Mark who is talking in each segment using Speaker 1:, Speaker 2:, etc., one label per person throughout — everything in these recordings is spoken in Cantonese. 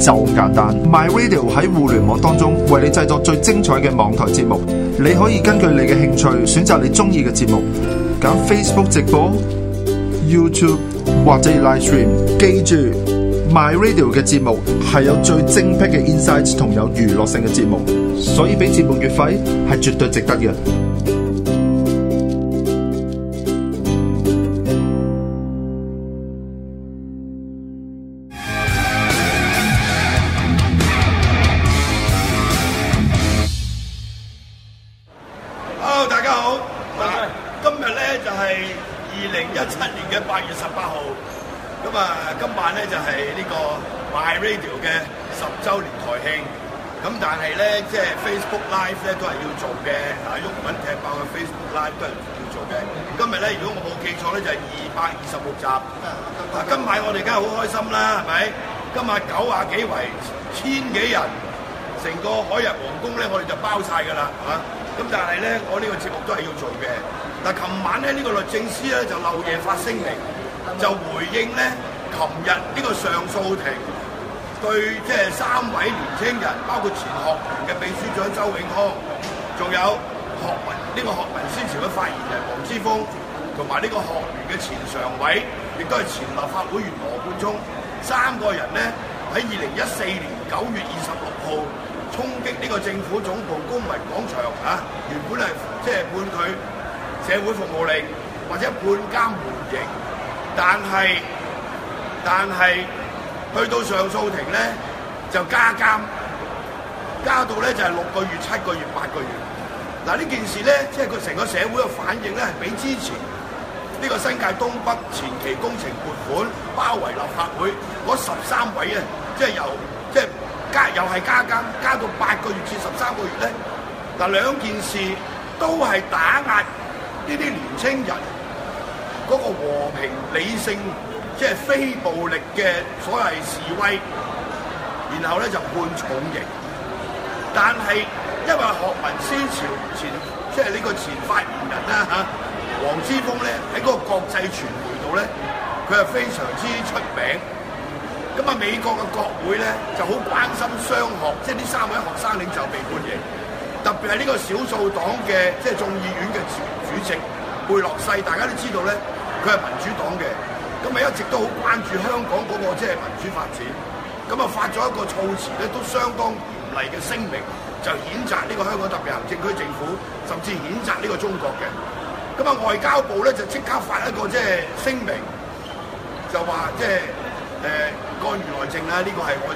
Speaker 1: 就咁簡單，My Radio 喺互聯網當中為你製作最精彩嘅網台節目，你可以根據你嘅興趣選擇你中意嘅節目，揀 Facebook 直播、YouTube 或者 Live Stream。記住，My Radio 嘅節目係有最精闢嘅 insights 同有娛樂性嘅節目，所以俾節目月費係絕對值得嘅。
Speaker 2: 咁啊，今晚咧就係呢個 MyRadio 嘅十週年台慶。咁但係咧，即係 Facebook Live 咧都係要做嘅，嗱毓民踢爆嘅 Facebook Live 都係要做嘅。今日咧，如果我冇記錯咧，就係二百二十六集。嗱，今晚我哋梗係好開心啦，係咪？今晚九啊幾圍，千幾人，成個海逸皇宮咧，我哋就包曬㗎啦，嚇！咁但係咧，我呢個節目都係要做嘅。嗱，琴晚咧呢個律政司咧就漏夜發聲明。就回應咧，琴日呢個上訴庭對即係、就是、三位年輕人，包括前學聯嘅秘書長周永康，仲有學民呢、這個學民思潮嘅發言人黃之鋒，同埋呢個學聯嘅前常委，亦都係前立法會議員羅冠聰，三個人咧喺二零一四年九月二十六號衝擊呢個政府總部公民廣場啊，原本係即係判佢社會服務令，或者判監緩刑。但係，但係，去到上訴庭咧，就加監，加到咧就係六個月、七個月、八個月。嗱，呢件事咧，即係佢成個社會嘅反應咧，係比之前呢個新界東北前期工程撥款包圍立法會嗰十三位啊，即係由即係加又係加監，加到八個月至十三個月咧。嗱，兩件事都係打壓呢啲年青人。嗰個和平理性即係非暴力嘅所謂示威，然後咧就判重刑。但係因為學民思潮前即係呢個前發言人啦，嚇黃之鋒咧喺嗰個國際傳媒度咧，佢係非常之出名。咁啊，美國嘅國會咧就好關心雙學，即係呢三位學生領袖被判刑，特別係呢個少數黨嘅即係眾議院嘅主席貝洛西，大家都知道咧。佢係民主黨嘅，咁啊一直都好關注香港嗰、那個即係、就是、民主發展，咁啊發咗一個措辭咧都相當嚴厲嘅聲明，就譴責呢個香港特別行政區政府，甚至譴責呢個中國嘅。咁啊外交部咧就即刻發一個即係、就是、聲明，就話即係誒干預內政啦，呢、這個係我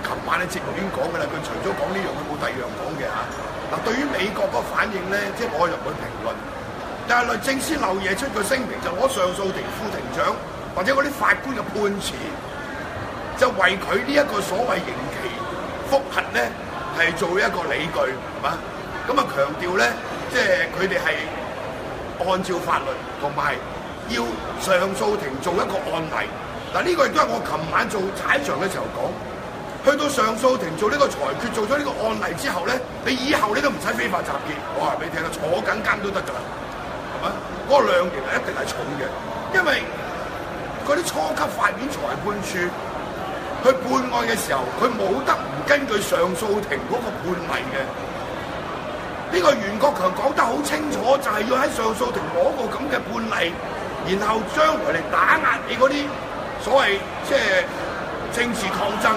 Speaker 2: 琴晚咧節目已經講嘅啦。佢除咗講呢樣，佢冇第二樣講嘅嚇。嗱，對於美國嗰個反應咧，即、就、係、是、我唔會評論。但律政司漏夜出個聲明，就攞上訴庭副庭長或者嗰啲法官嘅判詞，就為佢呢一個所謂刑期覆核咧，係做一個理據，係嘛？咁啊強調咧，即係佢哋係按照法律同埋要上訴庭做一個案例。嗱，呢個亦都係我琴晚做踩場嘅時候講。去到上訴庭做呢個裁決、做咗呢個案例之後咧，你以後你都唔使非法集結，我話俾你聽啦，坐緊監都得㗎啦。嗰量刑一定係重嘅，因為嗰啲初級法院裁判處去判案嘅時候，佢冇得唔根據上訴庭嗰個判例嘅。呢、這個袁國強講得好清楚，就係、是、要喺上訴庭攞個咁嘅判例，然後將佢嚟打壓你嗰啲所謂即係、就是、政治抗爭。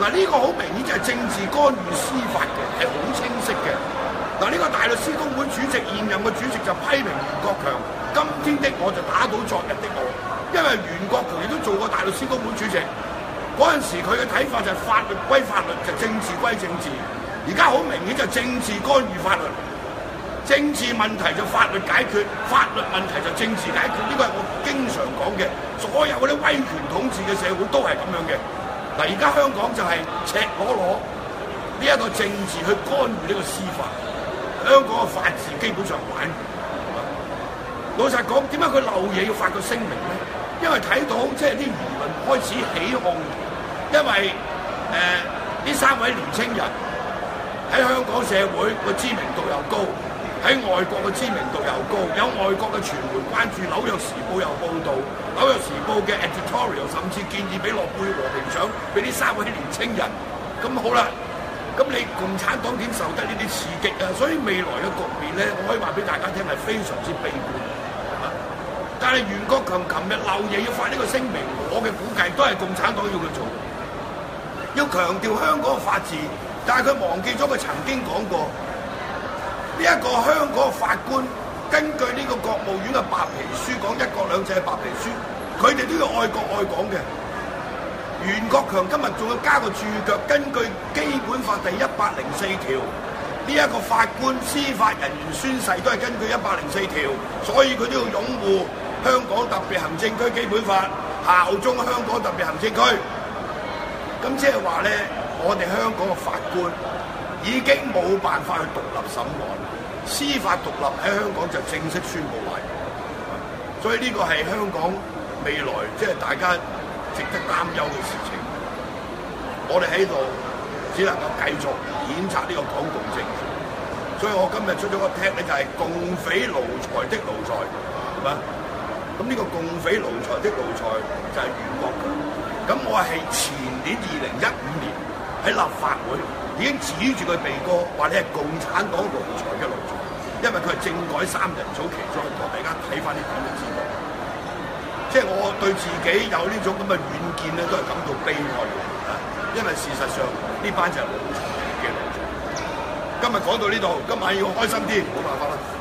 Speaker 2: 嗱，呢個好明顯就係政治干預司法嘅，係好清晰嘅。嗱，呢個大律師公會主席現任嘅主席就批評袁國強，今天的我就打倒昨日的我，因為袁國強亦都做過大律師公會主席，嗰陣時佢嘅睇法就係法律歸法律，就政治歸政治，而家好明顯就政治干預法律，政治問題就法律解決，法律問題就政治解決，呢個係我經常講嘅，所有嗰啲威權統治嘅社會都係咁樣嘅。嗱，而家香港就係赤裸裸呢一個政治去干預呢個司法。香港嘅法治基本上玩。老實講，點解佢漏嘢要發個聲明咧？因為睇到即係啲輿論開始起哄，因為誒呢、呃、三位年青人喺香港社會個知名度又高，喺外國個知名度又高，有外國嘅傳媒關注，《紐約時報》又報導，《紐約時報》嘅 editorial 甚至建議俾諾貝和平獎俾呢三位年青人。咁好啦。咁你共產黨點受得呢啲刺激啊？所以未來嘅局面咧，我可以話俾大家聽，係非常之悲觀。但係袁國強琴日漏夜要發呢個聲明，我嘅估計都係共產黨要佢做，要強調香港嘅法治，但係佢忘記咗佢曾經講過，呢一個香港嘅法官根據呢個國務院嘅白皮書講一國兩制嘅白皮書，佢哋都要愛國愛港嘅。袁國強今日仲要加個注腳，根據《基本法》第一百零四條，呢一個法官司法人員宣誓都係根據一百零四條，所以佢都要擁護香港特別行政區基本法，效忠香港特別行政區。咁即係話呢，我哋香港嘅法官已經冇辦法去獨立審案，司法獨立喺香港就正式宣佈壞。所以呢個係香港未來即係、就是、大家。值得擔憂嘅事情，我哋喺度只能夠繼續譴責呢個港共政府。所以我今日出咗個帖咧，就係共匪奴才的奴才，係咪？咁呢個共匪奴才的奴才就係袁國強。咁我係前年二零一五年喺立法會已經指住佢鼻哥，話：「你係共產黨奴才嘅奴才，因為佢係政改三人組其中一個。」大家睇翻啲片就知道。即係我對自己有呢種咁嘅遠見咧，都係感到悲哀嘅，啊！因為事實上呢班就係冇人嘅老總，今日講到呢度，今晚要開心啲，冇辦法啦。